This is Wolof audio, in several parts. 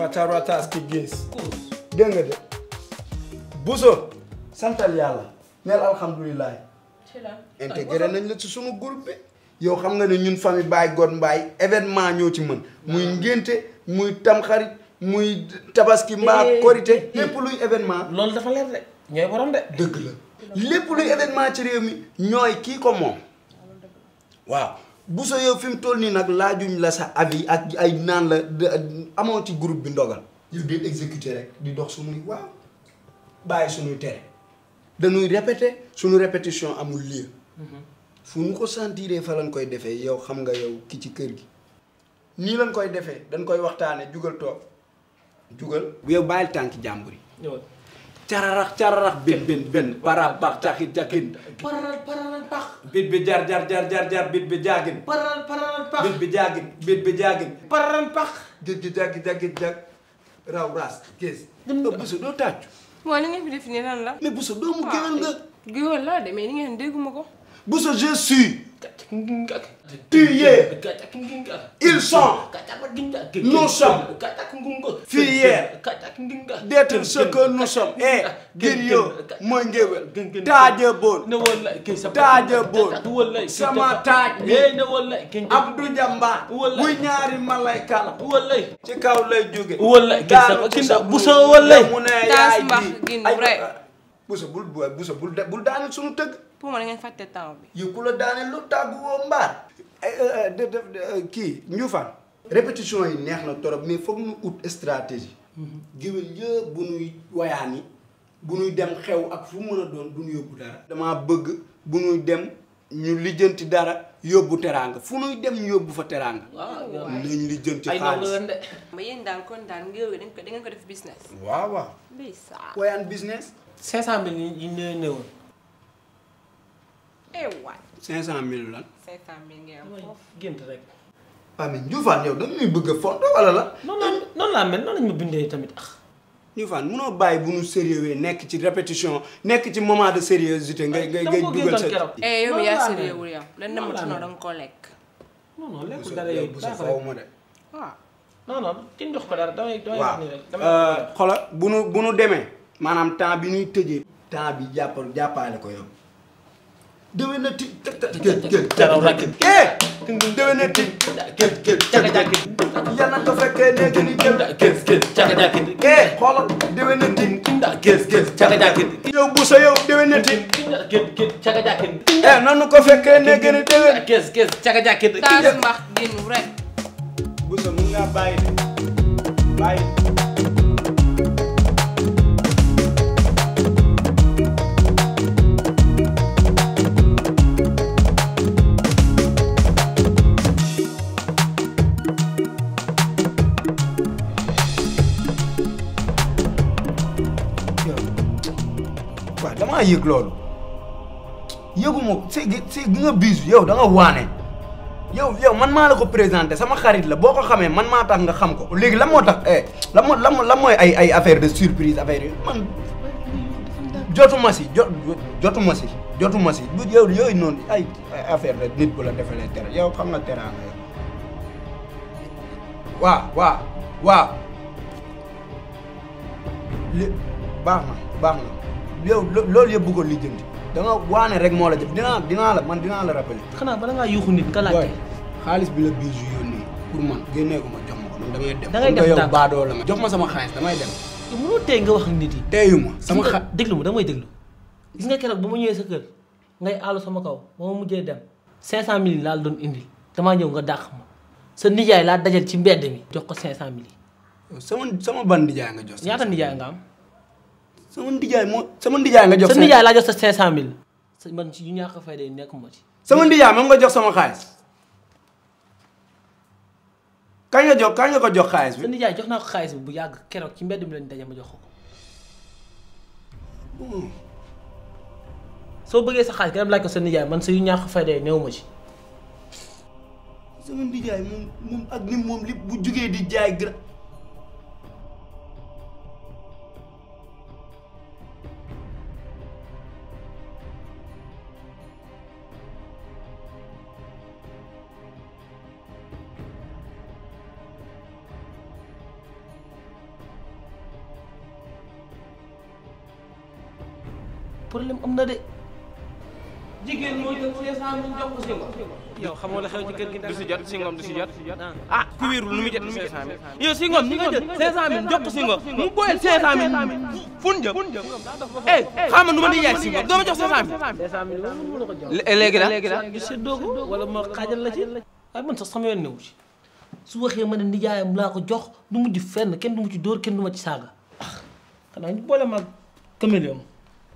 fataratas ki gées dégg nga de buso santal yàlla neel alhamdulilah intégré nañ la ci suma groupe yow xam nga ne ñun famille Baye Gor Mbaye événement ñoo ci mën muy ngénte muy tamxarit muy tabaski eh, mbaa korité eh, eh. lépp luy événement loolu dafa leer de ñooy borom de la lépp luy événement ci réew mi ñooy kii ko moom waaw bu soo yow fi mu toll nii nag laajuñ la sa avis ak ay naan la amoon ci groupe bi ndogal. yow di exécuter rek di dox suñuy waaw bàyyi suñuy tere dañuy répéter suñu répétition amul lieu mhm. fu ñu ko sentiree fa lañ koy defee yow xam nga yow ki ci kër gi nii lañ koy defee dañ koy waxtaane jugal toog jugal. bu yow bàyyil tànki jàmbur yi. cararax cararax benn benn benn para taxit jakin pararal pararal baax bit bi jaar jaar jaar jaar jar bit bi jaagin. paran paran pax bit bi jaagin bit bi jaagin. paran pax. géej jag raw raas gis. dëgg Bousso doo tàccu. waaw li nga fi def lan la. mais Bousso doomu géwél nga. Ah, géwél laa de mais ni ngeen dégguma ko. Bousso je suis. tu es. Ils sont. Nous sommes fiers d'être ce que nous sommes. Et Guillaume Mungewel, Tadje Bon, Tadje Bon, Sama Tadje, eh, Abdou Jamba, Winyari Malaikala, ci kaw lay jóge. wallay kii sama kii sama busa wallay. mu ne yaay ji ay busa bul busa bul pour ma da ngeen fàtte temps bi. yow ku la daane lu tàgguwoo mbaar. Eh, eh, eh, kii Ndioufane. répétition yi neex na torop mais foog ñu ut stratégie. Mhm. géwél yëpp bu nuy wayaani bu nuy dem xew ak fu mu mën a doon du ñu yóbbu dara. damaa bëgg bu nuy dem ñu lijjanti dara yóbbu teraanga fu nuy dem ñu yóbbu fa teraanga. waaw waaw nañ lijjanti xaalis ma yéen daal kon daal ngéwél da ngeen ko def business. waaw waaw. wayaan business. 500000 yi ñu néewoon. cinq cent mille lan. cinq cent mille ngay am foofu gént rek. waa mais Ndioufane yow dañu ñuy bëgg a fonto wala la. noonu la noonu laa mel noonu lañ ma bindee tamit ah. Ndioufane munoo bàyyi bu nu sérieux nekk ci répétition nekk ci moment de sérieuxité ngay ngay ngay dugal sa. Eh, yow mi yaa sérieux wul yow lan la ma ci noonu da nga koo lekk. non non lekkul dara yow bu sa xaw ma de. waaw ah. non non ci jox ko dara damay damay wax ni rek. damay euh, xoolal bu nu bu nu demee maanaam temps bi ñuy tëjee. temps bi jàpp jàppale ko yow. déwénati gét gét jaraw rakk gét déwénati gét gét caga jàkkit na ko fekkee nekk ni jëm gés gés caga jàkkit gét xoolal déwénati gés gés caga jàkkit yow bu na yow déwénati gét gét caga jàkkit eh nanu ko fekkee déwén gés gés caga jàkkit taas mbax dinu rek bu sa mun ngaa bàyyi bàyyi maa yëg loolu yëguma c'est gi nga biisu yow da nga waane yow yow man maa la ko présenté sama xarit la boo ko xamee man maa tax nga xam ko léegi lan moo tax eh lan moo lan mooy ay ay affaire de surprise affaire yi man jotuma si jot jotuma si jotuma si bu yow yooyu noonu ay affaire la nit bu la defalee tera yow xam nga teraanga yow waaw waaw li baax na baax na yow loolu yëpp bëggoon li jënd da nga waane rek moo la jëf dinaa dinaa la man dinaa la rappelé. xanaa bala ngaa yuuxu nit ka laajte. xaalis bi la biiju yónnee pour man génnee ko ma jox ma ko man damay dem. da ngay def baadoo la ma jox ma sama xaalis damay dem. mënoo tey nga wax ak nit yi. teyu sama xa déglu ma damay déglu. gis nga keroog ba ma ñëwee sa kër ngay àllu sama kaw ba ma mujjee dem. 500000 laa la doon indi damaa ñëw nga dàq ma sa nijaay laa dajal ci mbedd mi. jox ko 500000. sama sama ban nijaay nga jox. ñaata nijaay nga am sama ndijaay moo sama ndijaay nga jox sa ndijaay laa jox sa man si yu ñàkk a fay day ma ci. sama ndijaay moom nga jox sama xaalis. kañ nga jox xaalis bi. sa jox naa xaalis bu yàgg keroog ci mbedd mi lañ daje ma jox ko. Hmm. soo bëggee sa xaalis nga dem laaj ko sa ndijaay man sa yu ñàkk a fay day ma ci. sama ndijaay moom moom ak ni moom li bu jugee di jaay gra. problème am na de. jigéen moo jël 500 ñu jox ko la xew ci kër gi du si jot si jot. Ah, ah ku wéerul lu muy jot 500000. yow Senghor ni nga jël 500000 jox ko Senghor mu booyal 500000 fu ñu eh, nu ma di yaay Senghor doo ma jox 500000. 500000 lan moo la ko jox. léegi daal léegi daal ñu séddoo ko wala ma xaajal la ci. waaye man sax sama yoon newu ci su waxee ma ne nijaayam laa ko jox du mujj fenn kenn du ma ci kenn du ma ci saaga. Ah, xanaa ñu boole ma caméléon.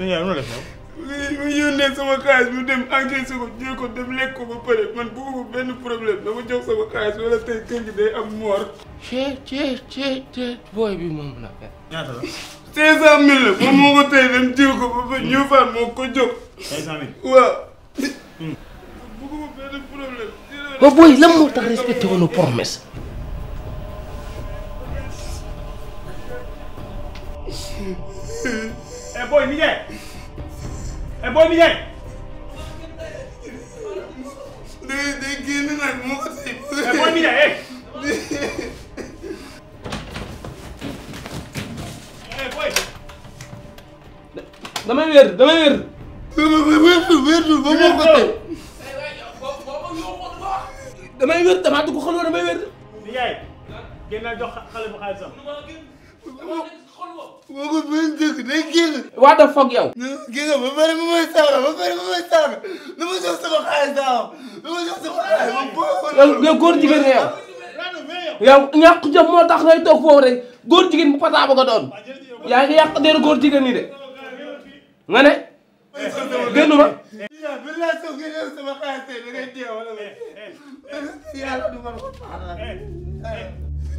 suñu mu la def mu sama xaalis mu dem encaissé ko jël ko dem lekk ko ba pare man bëggu ko benn problème dama jox sama xaalis wala tey kër gi day am moor. cee cee cee cee booy bi moom la. ñaata la. cinq cent mille la. moom moo ko tey dem jël ko ba pare ñëw faan moo ko jóg. waaw. Hmm. bëggu ko benn problème. ba booy lan moo tax respecté woon promesse. mi jaay. day day génn nag moo ko tey. Eh, booy mi jaay eh. eh, booy. damay wér damay wér. wértu wértu ba moo ko tey. damay wér damaa dugg xel wala damay wér. mi jaay génn jox xale bu xaalisam. moo ko benn dëkk day génn. waa da foog yow. gis nga ba pare ma may sawra ba pare moo tax ngay toog foofu rek góor jigéen bu pataa ba ko doon yaa ngi yàq deru góor jigéen ñi de nga ne. génn ma. sama xaalis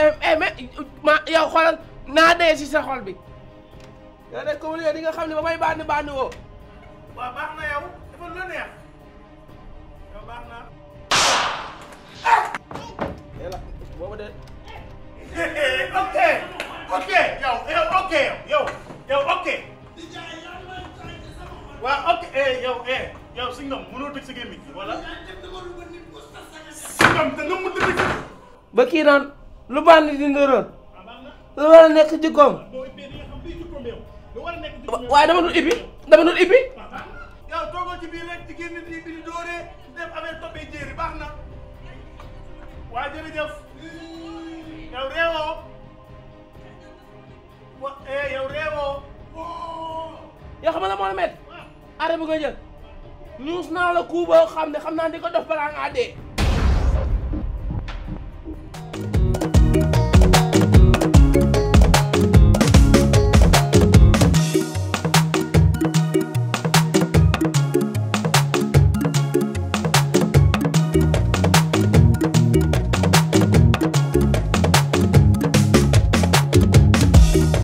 Eh, eh, mais ma yow xoolal naa dee si sa xol bi. yow nag communiqué di nga xam ne ba may bànn bànn woo. waaw baax na yow dafa lu neex yow baax na. yàlla eh, boobu de. ok ok yow yow ok yow yow ok. waaw ok yow eh yow si ngam mënoo tëj sa gémmiñ wala. si ngam da nga mën a tëj. ba kii naan. lu bandi di ndoroon lu war a nekk jikkoom waaye dama dul ibbi dama dul ibbi yow toogoo ci biir rek ci génn di ibbi di dooree def affaire toppee jéeri baax na waaye jërëjëf yow réewoo wa eh, yow réewoo yoo xam ne moo la met arrêt bu nga jël ñuus naa la kuu boo xam ne xam naa di ko dof balaa ngaa dee